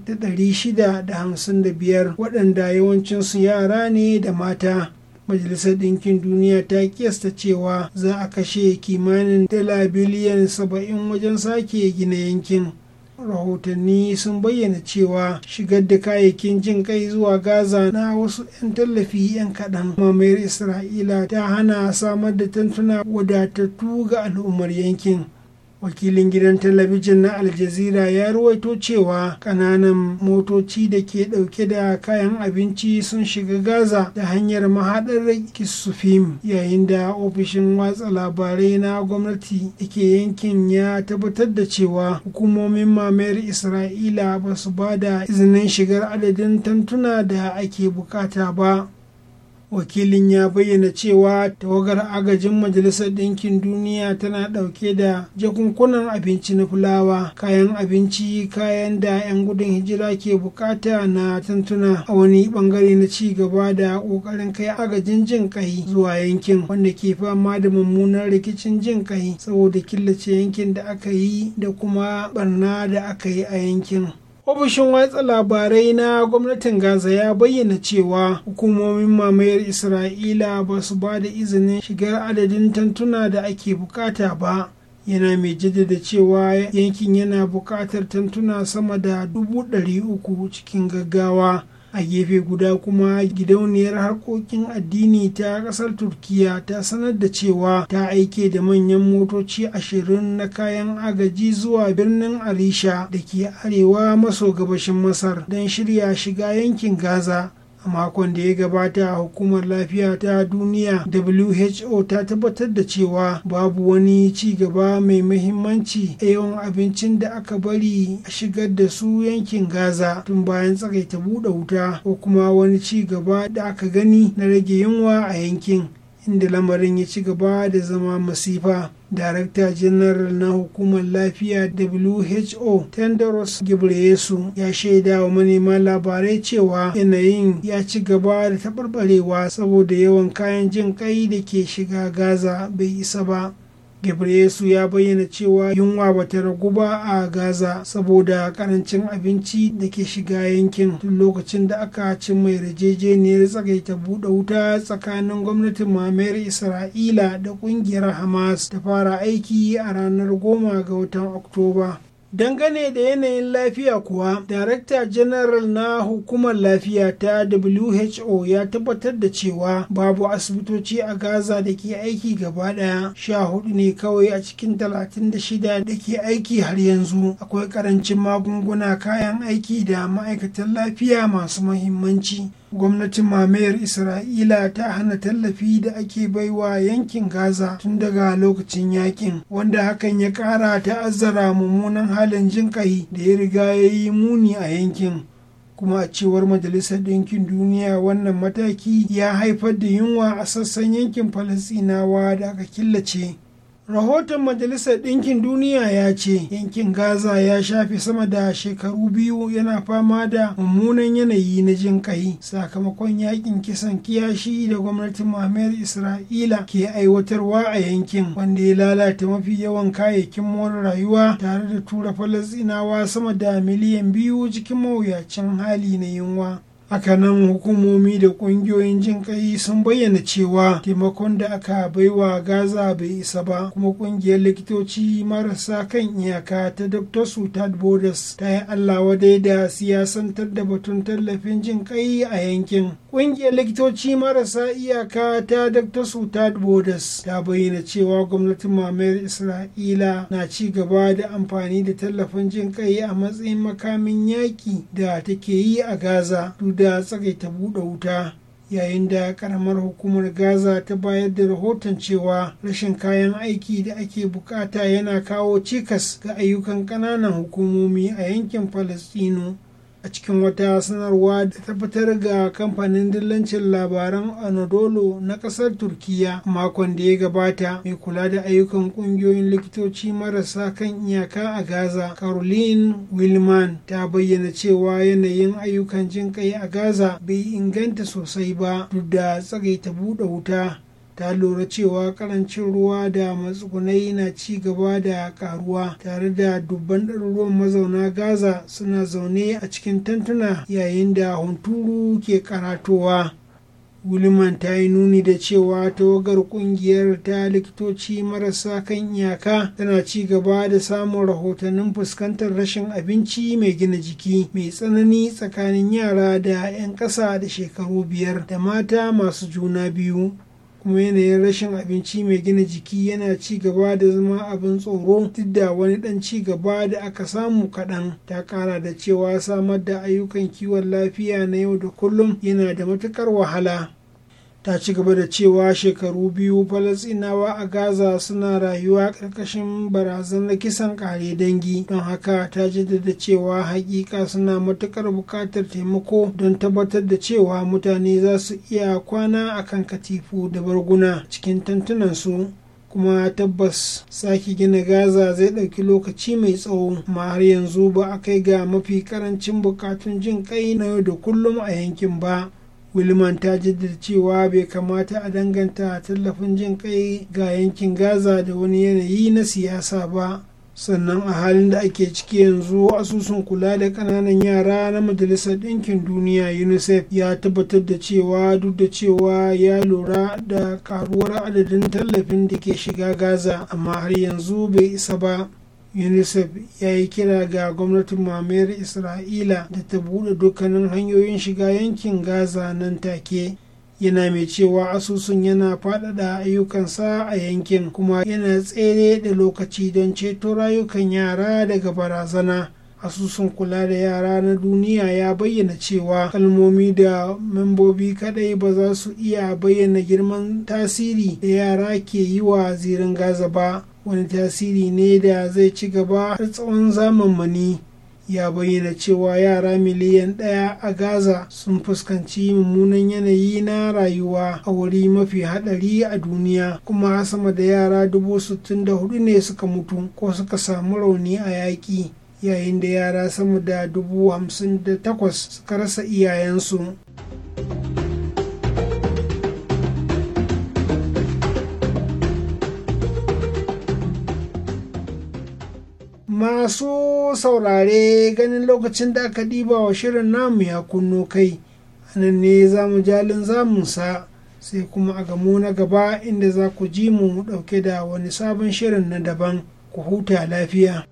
Speaker 3: shida hamsin biyar. waɗanda yawancinsu yara ne da mata majalisar ɗinkin duniya ta kiyasta cewa za a kashe kimanin dala biliyan saba'in wajen sake gina yankin rahotanni sun bayyana cewa shigar da kayayyakin jin kai zuwa gaza na wasu 'yan tallafi 'yan kaɗan mamayar isra'ila ta hana samar da tantuna wadatattu ga al'ummar yankin wakilin gidan talabijin na aljazira ya ruwaito cewa kananan motoci da ke dauke da kayan abinci sun shiga gaza da hanyar mahadar kisufim yayin da ofishin watsa labarai na gwamnati da ke yankin ya tabbatar da cewa hukumomin mamayar isra'ila ba su ba da izinin shigar adadin tantuna da ake bukata ba wakilin ya bayyana cewa tawagar agajin majalisar ɗinkin duniya tana ɗauke da jakunkunan abinci na fulawa kayan abinci kayan da 'yan gudun hijira ke bukata na tantuna a wani bangare na ci gaba da ƙoƙarin kai agajin jin kai zuwa yankin wanda ke fama da mummunan rikicin jin kai saboda killace yankin da aka yi da kuma barna da aka yi a yankin ofishin watsa labarai na gwamnatin gaza ya bayyana cewa hukumomin mamayar isra'ila ba su ba da izinin shigar adadin tantuna da ake bukata ba yana mai jaddada cewa yankin yana bukatar tantuna sama da dubu uku cikin gaggawa a gefe guda kuma gidauniyar harkokin addini ta kasar turkiya ta sanar da cewa ta aike da manyan motoci ashirin na kayan agaji zuwa birnin arisha da ke arewa maso gabashin masar don shirya shiga yankin gaza a makon da ya gabata hukumar lafiya ta duniya who ta tabbatar da cewa babu wani ci gaba mai mahimmanci a yawan abincin da aka bari a shigar da su yankin gaza tun bayan tsakaita buɗe wuta ko kuma wani ci gaba da aka gani na rage yunwa a yankin inda lamarin ya ci gaba da zama masifa darakta janaral na hukumar lafiya who tendros ghebreyesu ya shaida wa manema labarai cewa yanayin ya ci gaba da taɓarɓarewa saboda yawan kayan jin ƙai da ke shiga gaza bai isa ba gebreyesu ya bayyana cewa yunwa bata ragu ba a gaza saboda karancin abinci da ke shiga yankin tun lokacin da aka cin mai rajejeniyar tsagaita buɗe wuta tsakanin gwamnatin mamayar isra'ila da ƙungiyar hamas ta fara aiki a ranar goma ga watan oktoba dangane da yanayin lafiya kuwa darakta general na hukumar lafiya ta who ya tabbatar da cewa babu asibitoci a gaza da ke aiki gaba daya sha hudu ne kawai a cikin 36 da da ke aiki har yanzu akwai karancin magunguna kayan aiki da ma'aikatan lafiya masu muhimmanci gwamnatin mamayar isra'ila ta hana tallafi da ake baiwa yankin gaza tun daga lokacin yakin wanda hakan ya kara ta'azzara mummunan halin jin kai da ya riga ya yi muni a yankin kuma a cewar majalisar ɗinkin duniya wannan mataki ya haifar da yunwa a sassan yankin falasinawa da aka killace rahoton majalisar ɗinkin duniya ya ce yankin gaza ya shafe sama da shekaru biyu yana fama da mummunan yanayi na jin kai sakamakon yakin kisan kiyashi da gwamnatin mamayar isra'ila ke aiwatarwa a yankin wanda ya lalata mafi yawan kayayyakin more rayuwa tare da tura falasinawa sama da miliyan biyu cikin mawuyacin hali na yunwa nan hukumomi da kungiyoyin jin kai sun bayyana cewa taimakon da aka baiwa gaza bai isa ba kuma kungiyar likitoci marasa kan iyaka ta dr sultan borders ta yi allah wadai da siyasantar da batun tallafin jin kai a yankin kungiyar likitoci marasa iyaka ta dr sultan borders ta bayyana cewa gwamnatin mamayar isra'ila na ci gaba da amfani da tallafin jin kai a matsayin makamin yaƙi da take yi a gaza da tsagaita buɗe wuta yayin da karamar hukumar gaza ta bayar da rahoton cewa rashin kayan aiki da ake bukata yana kawo cikas ga ayyukan ƙananan hukumomi a yankin falastino a cikin wata sanarwa da ta fitar ga kamfanin dillancin labaran anadolu na kasar turkiya makon da ya gabata mai kula da ayyukan kungiyoyin likitoci marasa kan iyaka a gaza caroline wilman ta bayyana cewa yanayin ayyukan jin kai a gaza bai inganta sosai ba duk da tsagaita buɗe wuta ta lura cewa karancin ruwa da matsugunai na ci gaba da karuwa tare da dubban ɗaruruwan mazauna gaza suna zaune a cikin tantuna yayin da hunturu ke karatowa gulman ta yi nuni da cewa tawagar kungiyar ta likitoci marasa kan iyaka tana ci gaba da samun rahotannin fuskantar rashin abinci mai gina jiki mai tsanani tsakanin yara da 'yan ƙasa da shekaru biyar da mata masu juna biyu kuma yanayin rashin abinci mai gina jiki yana ci gaba da zama abin tsoro duk da wani dan ci gaba da aka samu kaɗan ta ƙara da cewa samar da ayyukan kiwon lafiya na yau da kullum yana da matuƙar wahala ta ci gaba da cewa shekaru biyu falasinawa a gaza suna rayuwa ƙarƙashin barazanar kisan ƙare dangi don haka ta jaddada cewa hakika suna matuƙar buƙatar taimako don tabbatar da cewa mutane za su iya kwana a kan katifu da barguna cikin tantunansu kuma tabbas sake gina gaza zai ɗauki lokaci mai tsawo ma har yanzu ba a kai ga mafi karancin bukatun jin kai na yau da kullum a yankin ba wilman ta jaddada cewa bai kamata a danganta tallafin jin kai ga yankin gaza da wani yanayi na siyasa ba sannan a halin da ake ciki yanzu asusun kula da ƙananan yara na majalisar ɗinkin duniya unicef ya tabbatar da cewa duk da cewa ya lura da karuwar adadin tallafin da ke shiga gaza amma har yanzu bai isa ba unicef ya yi kira ga gwamnatin mamayar isra'ila da ta buɗe dukkanin hanyoyin shiga yankin gaza nan take yana mai cewa asusun yana faɗaɗa ayyukansa a yankin kuma yana tsere da lokaci don ceto rayukan yara daga barazana asusun kula da yara na duniya ya bayyana cewa kalmomi da membobi kadai ba za su iya bayyana girman tasiri da yara ke yi wa zirin gaza ba wani tasiri ne da zai ci gaba har tsawon zamanmani ya bayyana cewa yara miliyan ɗaya a gaza sun fuskanci mummunan yanayi na rayuwa a wuri mafi haɗari a duniya kuma sama da yara dubu sittin da hudu ne suka mutu ko suka samu rauni a yaƙi yayin da yara sama da dubu hamsin da takwas suka rasa iyayensu. masu saurare ganin lokacin da aka ɗiba wa shirin namu ya kunno kai anan ne za mu jalin zamunsa sai kuma a gamu na gaba inda za ku ji mu ɗauke da wani sabon shirin na daban ku huta lafiya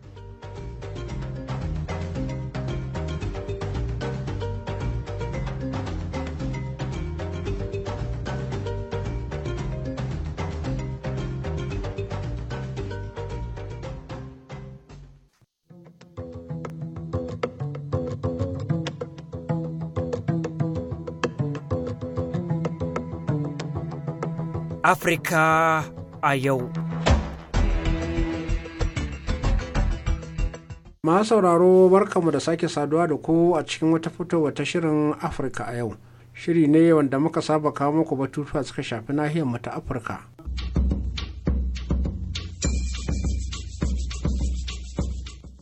Speaker 1: Afirka a yau.
Speaker 4: Ma sauraro barkamu da sake saduwa da ku a cikin wata fitowa ta shirin Afirka a yau. Shiri ne wanda muka saba kawo muku batutuwa suka shafi nahiyar mu ta Afirka.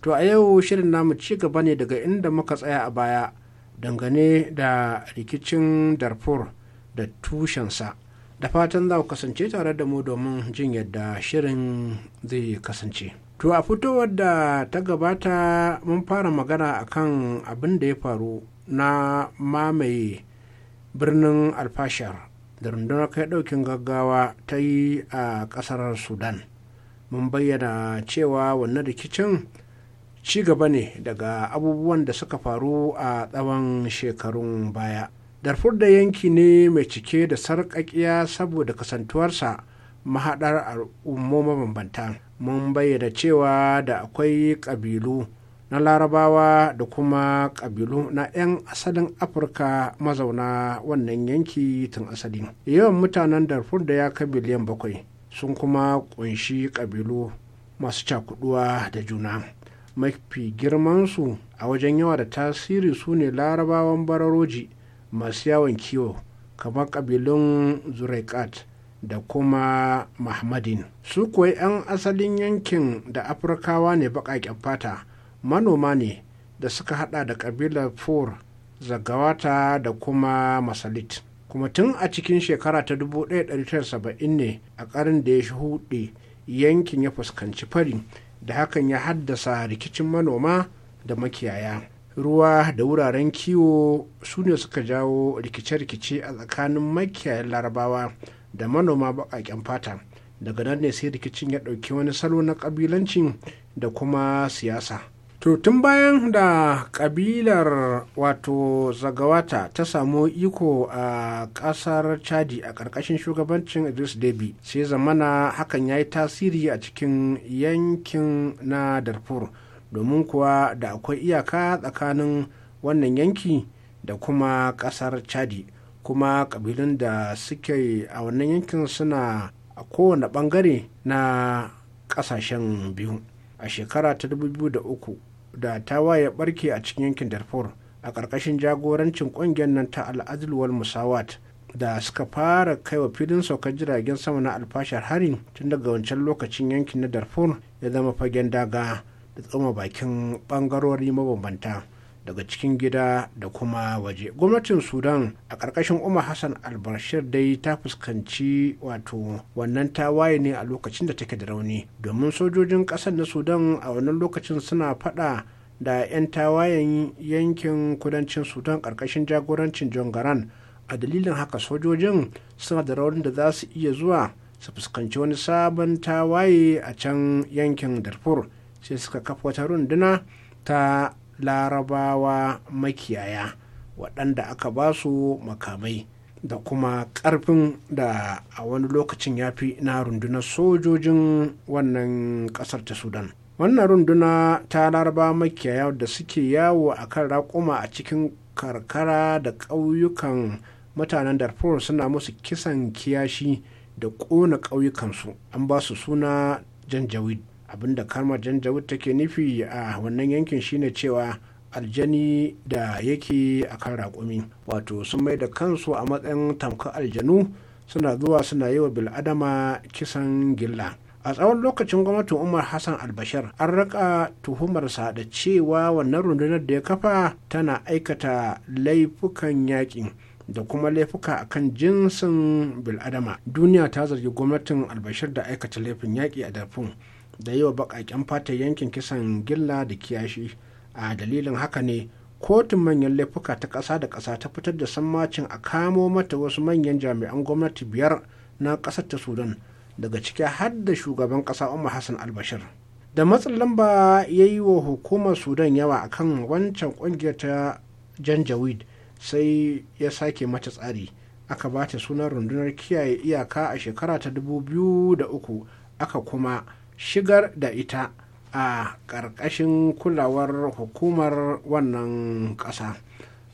Speaker 4: To a yau shirin namu ci gaba ne daga inda muka tsaya a baya dangane da rikicin Darfur da tushensa. da fatan za ku kasance tare da mu domin jin yadda shirin zai kasance to a fitowar da ta gabata mun fara magana akan abin da ya faru na mamaye birnin alfashar da rundunar kai daukin gaggawa ta yi a kasar sudan mun bayyana cewa wannan rikicin ci gaba ne daga abubuwan da suka faru a tsawon shekarun baya darfur da yanki ne mai cike da sarƙaƙiya saboda kasantuwarsa mahaɗar al'ummo mabambanta mun bayyana cewa da akwai ƙabilu na larabawa da kuma ƙabilu na 'yan asalin afirka mazauna wannan yanki tun asali yawan mutanen darfur da ya kai biliyan bakwai sun kuma ƙunshi ƙabilu masu cakuduwa da juna mafi girmansu a wajen yawa da tasiri su ne larabawan bararoji masu yawon kiwo kamar kabilun zurekat da kuma mahmadin su kuwa 'yan asalin yankin da afirkawa ne baƙaƙen fata manoma ne da suka hada da kabilar fur zagawata da kuma masalit kuma tun a cikin shekara ta 1970 ne a ƙarin da ya shuɗe yankin ya fuskanci fari da hakan ya haddasa rikicin manoma da makiyaya ruwa da wuraren kiwo su ne suka jawo rikice-rikice a tsakanin makiyayan larabawa da manoma baƙaƙen fata daga nan ne sai rikicin ya ɗauki wani salo na ƙabilancin da kuma siyasa to tun bayan da ƙabilar wato zagawata ta samu iko a ƙasar chadi a ƙarƙashin shugabancin idris debi sai zamana hakan ya yi tasiri a cikin yankin na darfur domin kuwa da akwai iyaka tsakanin wannan yanki da kuma ƙasar chadi kuma kabilun da suke a wannan yankin suna a kowane bangare na kasashen biyu a shekara ta 2003 da ta tawaye barke a cikin yankin darfur a ƙarƙashin jagorancin ƙungiyar nan ta al'adulwar musawat da suka fara kaiwa filin saukar jiragen sama na alfashar harin tun daga wancan lokacin yankin na darfur ya zama fagen daga ta tsoma bakin bangarori mabambanta daga cikin gida da kuma waje gwamnatin sudan a ƙarƙashin umar hassan albashir dai ta fuskanci wato wannan tawaye ne a lokacin da take da rauni domin sojojin ƙasar na sudan a wannan lokacin suna faɗa da 'yan tawayen yankin kudancin sudan ƙarƙashin jagorancin john garan a dalilin haka sojojin suna da raunin da za su iya zuwa su fuskanci wani sabon tawaye a can yankin darfur sai suka kafa wata runduna ta larabawa makiyaya waɗanda aka ba su makamai da kuma ƙarfin da a wani lokacin ya fi na rundunar sojojin wannan ƙasar ta sudan wannan runduna ta laraba makiyaya da suke yawo a kan raƙuma a cikin karkara da ƙauyukan mutanen darfur suna musu kisan kiyashi da ƙona ƙauyukansu an ba su suna janjawid Abin da karma janjawud take nufi a wannan yankin shine cewa aljani da yake a kan raƙumi wato sun mai da kansu a matsayin tamka aljanu suna zuwa suna yi wa bil'adama kisan gilla a tsawon lokacin gwamnatin umar hassan albashir an raka tuhumarsa da cewa wannan rundunar da ya kafa tana aikata laifukan yaƙi da kuma laifuka a kan jinsin bil'adama duniya ta zargi gwamnatin albashar da aikata laifin yaƙi a darfur da yi wa baƙaƙen fatar yankin kisan gilla da kiyashi a dalilin haka ne kotun manyan laifuka ta ƙasa da ƙasa ta fitar da sammacin a kamo mata wasu manyan jami'an gwamnati biyar na ƙasar ta sudan daga ciki har da shugaban ƙasa umar hassan albashir da matsin lamba ya yi wa hukumar sudan yawa akan wancan ƙungiyar ta janjaweed sai ya sake mata tsari aka ba ta sunan rundunar kiyaye iyaka a shekara ta 2003 aka kuma shigar da ita a ƙarƙashin kulawar hukumar wannan ƙasa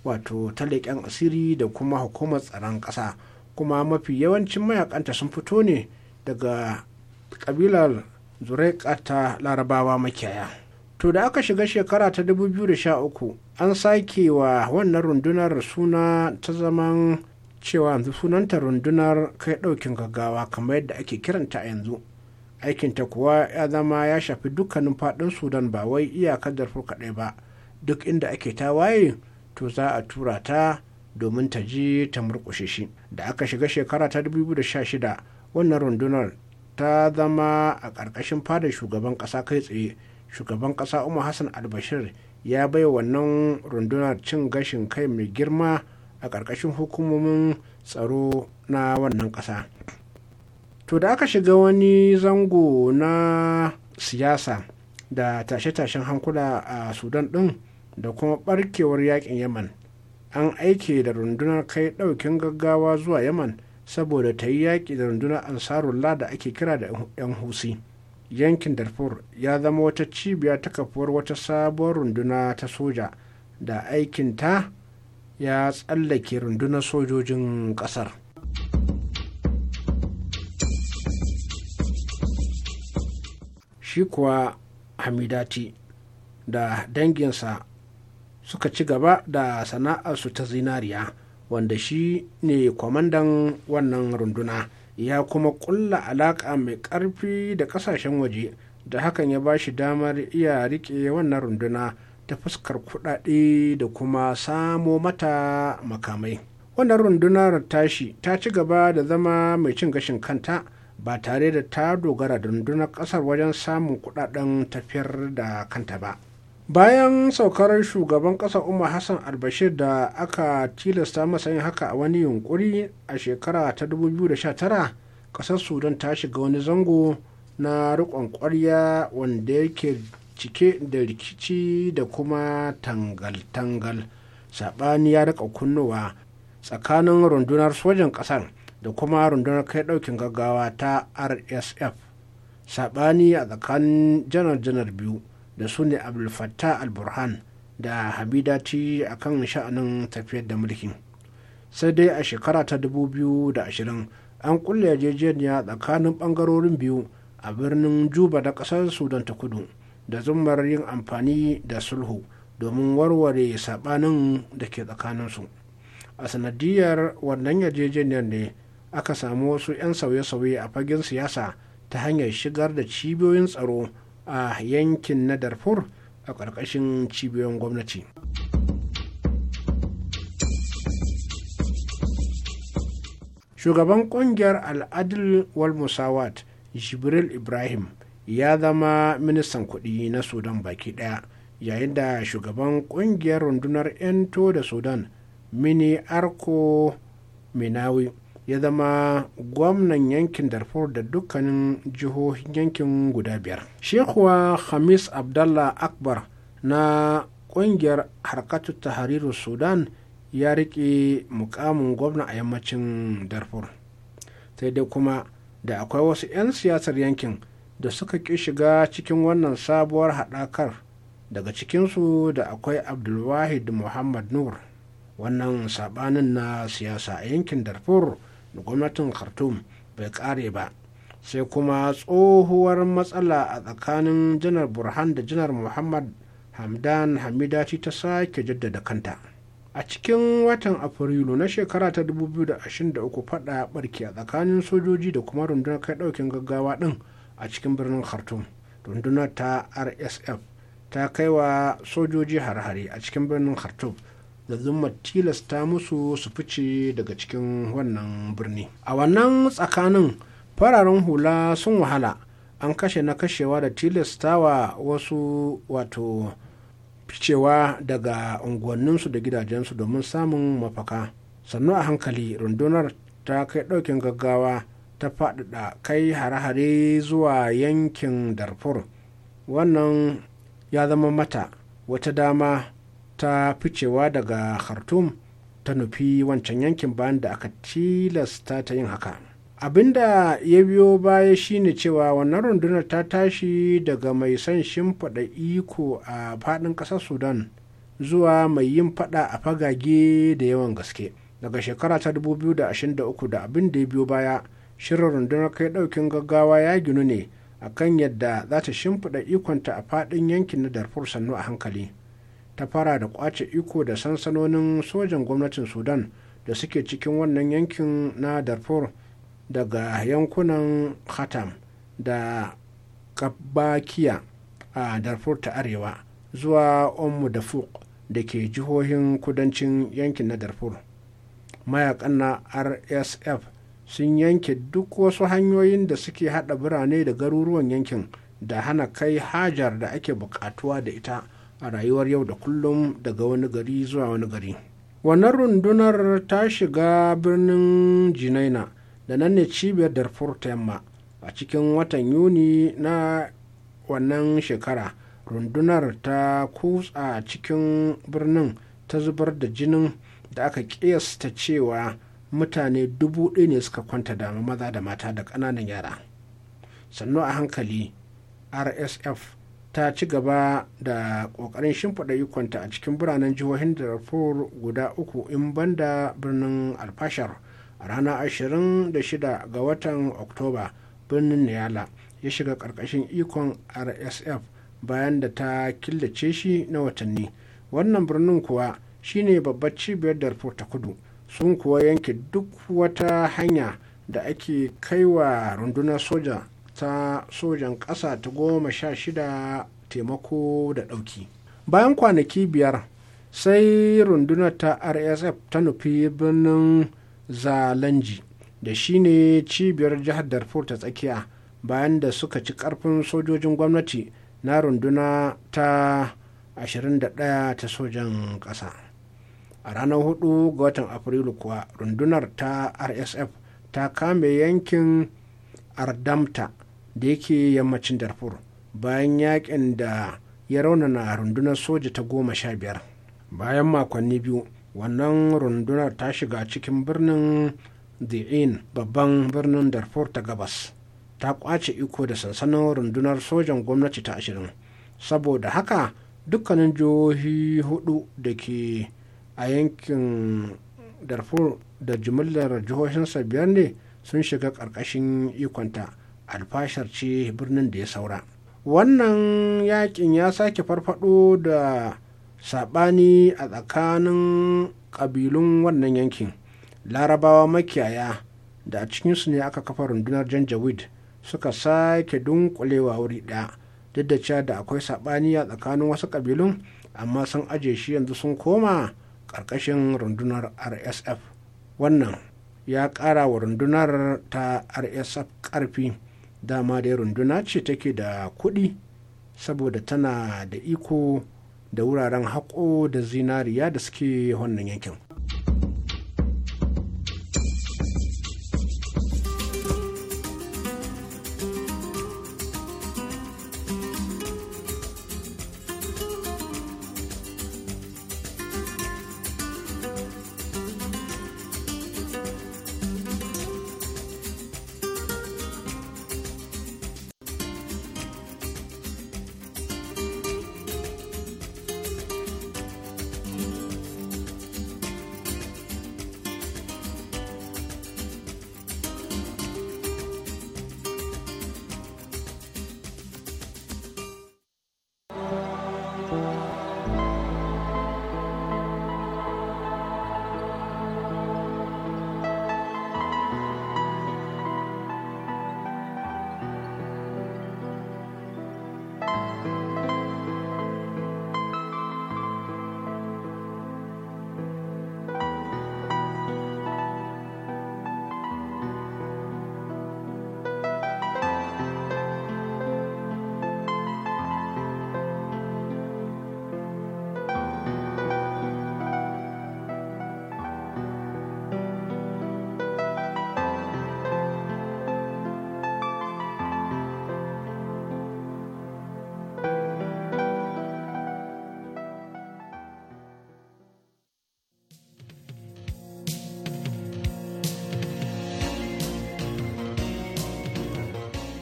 Speaker 4: wato ta leƙen asiri da kuma hukumar tsaron ƙasa kuma mafi yawancin mayakanta sun fito ne daga ƙabilar zureka ta larabawa makiyaya to da aka shiga shekara ta 2013 an sake wa wannan rundunar suna ta zaman cewa sunanta rundunar kai ɗaukin gaggawa kamar yadda ake kiranta a yanzu aikinta kuwa ya zama ya shafi dukkanin faɗin sudan ba wai iyakar darfur kaɗai ba duk inda ake tawaye to za a tura ta domin ta ji ta murƙushe shi da aka shiga shekara ta 2016 wannan rundunar ta zama a ƙarƙashin fadar shugaban ƙasa kai tsaye shugaban ƙasa umar hassan albashir ya bai wannan rundunar cin gashin kai mai girma a ƙarƙashin hukumomin tsaro na wannan ƙasa to da aka shiga wani zango na siyasa da tashe-tashen hankula a sudan din da kuma barkewar yakin yaman an aike da rundunar kai daukin gaggawa zuwa yaman saboda ta yi yaƙi da rundunar ansarullah da ake kira da 'yan husi yankin darfur ya zama wata cibiya ta kafuwar wata sabuwar runduna ta soja da aikinta ya tsallake rundunar sojojin ƙasar. shi kuwa hamidati da danginsa suka ci gaba da sana'arsu ta zinariya wanda shi ne kwamandan wannan runduna ya kuma kulla alaƙa mai ƙarfi da ƙasashen waje da hakan ya ba shi damar iya riƙe wannan runduna ta fuskar kuɗaɗe da kuma samo mata makamai wannan rundunar tashi ta ci gaba da zama mai cin gashin kanta ba tare da ta dogara da rundunar kasar wajen samun kudaden tafiyar da kanta ba bayan saukar shugaban kasar umar hassan albashir da aka tilasta masa yin haka a wani yunkuri a shekara ta 2019 kasar sudan ta shiga wani zango na rikon kwarya wanda yake cike da rikici da kuma tangal-tangal saɓani ya rika kunnuwa tsakanin rundunar sojan ƙasar da kuma rundunar kai daukin gaggawa ta rsf sabani a tsakanin janar-janar biyu da su ne abdulfattah al-burhan da habidati a kan sha'anin tafiyar da mulkin sai dai a shekara ta 2020 an kulle yarjejeniya tsakanin bangarorin biyu a birnin juba da kasar sudan ta kudu da zummar yin amfani da sulhu domin warware sabanin da ke su a sanadiyar wannan yarjejeniyar ne aka samu wasu 'yan sauye-sauye a fagen siyasa ta hanyar shigar da cibiyoyin tsaro a yankin na darfur a ƙarƙashin cibiyoyin gwamnati shugaban ƙungiyar al'adil wal musawat jibril ibrahim ya zama ministan kuɗi na sudan baki ɗaya yayin da shugaban ƙungiyar rundunar 'yanto da sudan mini arko minawi ya zama gwamnan yankin darfur da dukkanin jihohin yankin guda biyar shekuwa Khamis hamis abdallah akbar na kungiyar harkatu tahariru sudan ya riƙe mukamin gwamna a yammacin darfur sai dai kuma da akwai wasu 'yan siyasar yankin da suka ƙi shiga cikin wannan sabuwar haɗakar daga cikinsu da akwai abdulwahid muhammad nur wannan sabanin na siyasa a yankin darfur da gwamnatin khartoum bai kare ba sai kuma tsohuwar matsala a tsakanin janar burhan da janar muhammad hamdan hamidaci ta sake jaddada kanta a cikin watan afrilu na shekara ta 2023 fada barki a tsakanin sojoji da kuma rundunar kai daukin gaggawa din a cikin birnin khartoum rundunar ta rsf ta kai wa sojoji har hari a cikin birnin khartoum da zuma tilasta musu su fice daga cikin wannan birni a wannan tsakanin fararen hula sun wahala an kashe na kashewa da tilastawa wasu wato ficewa daga unguwanninsu da gidajensu domin samun mafaka sannu a hankali rundunar ta kai ɗaukin gaggawa ta faɗaɗa kai hare-hare zuwa yankin darfur wannan ya zama mata wata dama ta ficewa daga khartoum ta nufi wancan yankin bayan da aka tilasta ta yin haka abinda ya biyo baya shine cewa wannan rundunar ta tashi daga mai son shimfiɗa iko a faɗin ƙasar sudan zuwa mai yin faɗa a fagage da yawan gaske daga shekara ta 2023 da abin da ya biyo baya shirin rundunar kai ɗaukin gaggawa ya ginu ne akan yadda za ta shimfiɗa ikonta a faɗin yankin na darfur sannu a hankali ta fara da kwace iko da sansanonin sojan gwamnatin sudan da suke cikin wannan yankin na darfur daga yankunan khatam da kabakiya a darfur ta arewa zuwa ummu da fuk da ke jihohin kudancin yankin na darfur mayakan na rsf sun yanke duk wasu hanyoyin da suke hada birane da garuruwan yankin da hana kai hajar da ake bukatuwa da ita a rayuwar yau da kullum daga wani gari zuwa wani gari wannan rundunar ta shiga birnin jinaina da nan ne cibiyar darfur ta yamma a cikin watan yuni na wannan shekara rundunar ta kutsa cikin birnin ta zubar da jinin da aka kiyasta cewa mutane dubu ɗaya ne suka kwanta dama maza da mata da ƙananan yara sannu a hankali rsf ta ci gaba da ƙoƙarin shimfiɗa ikonta a cikin biranen jihohin darfur guda uku in banda birnin alfashar a ranar 26 ga watan oktoba birnin niyala ya shiga ƙarƙashin ikon rsf bayan da ta killace shi na watanni wannan birnin kuwa shine babbar cibiyar darfur ta kudu sun kuwa yanke duk wata hanya da ake kaiwa rundunar soja ta sojan ƙasa ta goma sha shida taimako da ɗauki bayan kwanaki biyar sai rundunar ta rsf ta nufi birnin zalanji da shine cibiyar jihar darfur ta tsakiya bayan da suka ci ƙarfin sojojin gwamnati na runduna ta 21 ta sojan ƙasa a ranar 4 ga watan afrilu kuwa rundunar ta rsf ta kame yankin ardamta da yake yammacin darfur bayan yakin da ya raunana rundunar soja ta goma sha biyar bayan makonni biyu wannan rundunar ta shiga cikin birnin di'in babban birnin darfur ta gabas ta kwace iko da sansanin rundunar sojan gwamnati ta ashirin saboda haka dukkanin jihohi hudu da ke a yankin darfur da jimillar jihohinsa biyar ne sun shiga ƙarƙashin ikonta alfashar ce birnin da ya saura wannan yakin ya sake farfado da sabani a tsakanin kabilun wannan yankin larabawa makiyaya da a cikinsu ne aka kafa rundunar janjawid suka sake dunkulewa wuri ɗaya duk da cewa da akwai sabani a tsakanin wasu kabilun amma sun aje shi yanzu sun koma ƙarƙashin rundunar rsf wannan ya ƙara wa rundunar ta rsf ƙarfi dama dai runduna ce take da kuɗi saboda tana da iko da wuraren haƙo da zinariya da suke wannan yankin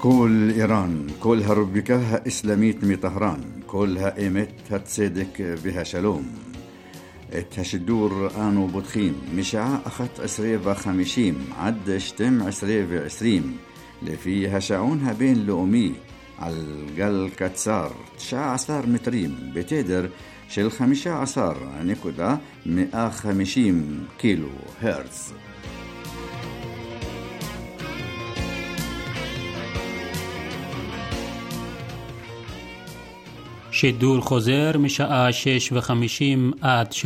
Speaker 5: كل إيران كلها ربكها إسلاميت مي طهران كلها إيمت هتصدق بها شلوم الدور آنو بدخيم مشاع أخت عسرية وخمشيم عد شتم عسرية وعسريم لفي هشعونها بين لؤمي على الجل كتسار تشاع عصار متريم بتدر عصار نكودا مئة خمشيم كيلو هرتز
Speaker 1: شدور خوزر میشه آشش و خمیشیم آد ش